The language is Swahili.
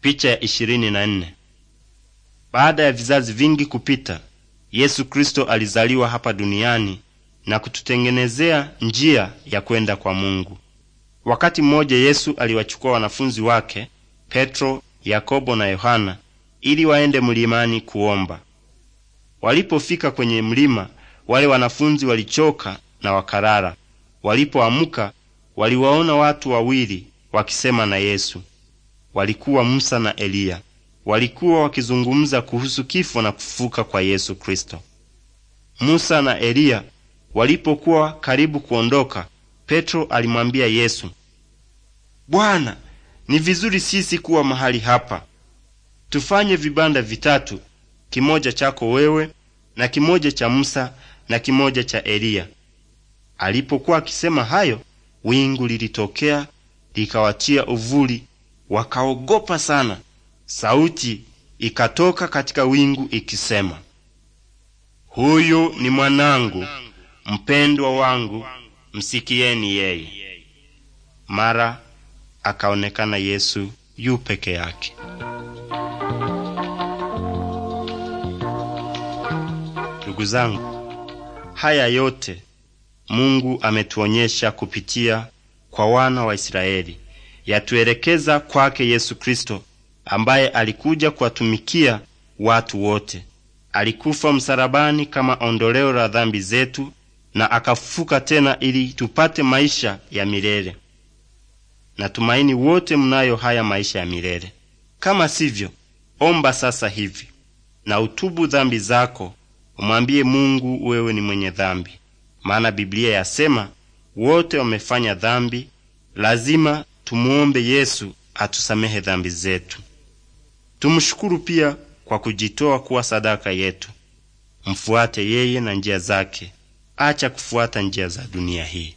Picha ya 24. Baada ya vizazi vingi kupita, Yesu Kristo alizaliwa hapa duniani na kututengenezea njia ya kwenda kwa Mungu. Wakati mmoja Yesu aliwachukua wanafunzi wake Petro, Yakobo na Yohana ili waende mlimani kuomba. Walipofika kwenye mlima, wale wanafunzi walichoka na wakalala. Walipoamka, waliwaona watu wawili wakisema na Yesu walikuwa Musa na Eliya. Walikuwa wakizungumza kuhusu kifo na kufuka kwa Yesu Kristo. Musa na Eliya walipokuwa karibu kuondoka, Petro alimwambia Yesu, Bwana, ni vizuri sisi kuwa mahali hapa. Tufanye vibanda vitatu, kimoja chako wewe na kimoja cha Musa na kimoja cha Eliya. Alipokuwa akisema hayo, wingu lilitokea likawatia uvuli, wakaogopa sana. Sauti ikatoka katika wingu ikisema, huyu ni mwanangu mpendwa wangu, msikieni yeye. Mara akaonekana Yesu yu peke yake. Ndugu zangu, haya yote Mungu ametuonyesha kupitia kwa wana wa Israeli yatuelekeza kwake Yesu Kristo ambaye alikuja kuwatumikia watu wote. Alikufa msalabani kama ondoleo la dhambi zetu na akafufuka tena ili tupate maisha ya milele. Natumaini wote mnayo haya maisha ya milele. Kama sivyo, omba sasa hivi na utubu dhambi zako, umwambie Mungu wewe ni mwenye dhambi, maana Biblia yasema wote wamefanya dhambi, lazima Tumuombe Yesu atusamehe dhambi zetu. Tumshukuru pia kwa kujitoa kuwa sadaka yetu. Mfuate yeye na njia zake. Acha kufuata njia za dunia hii.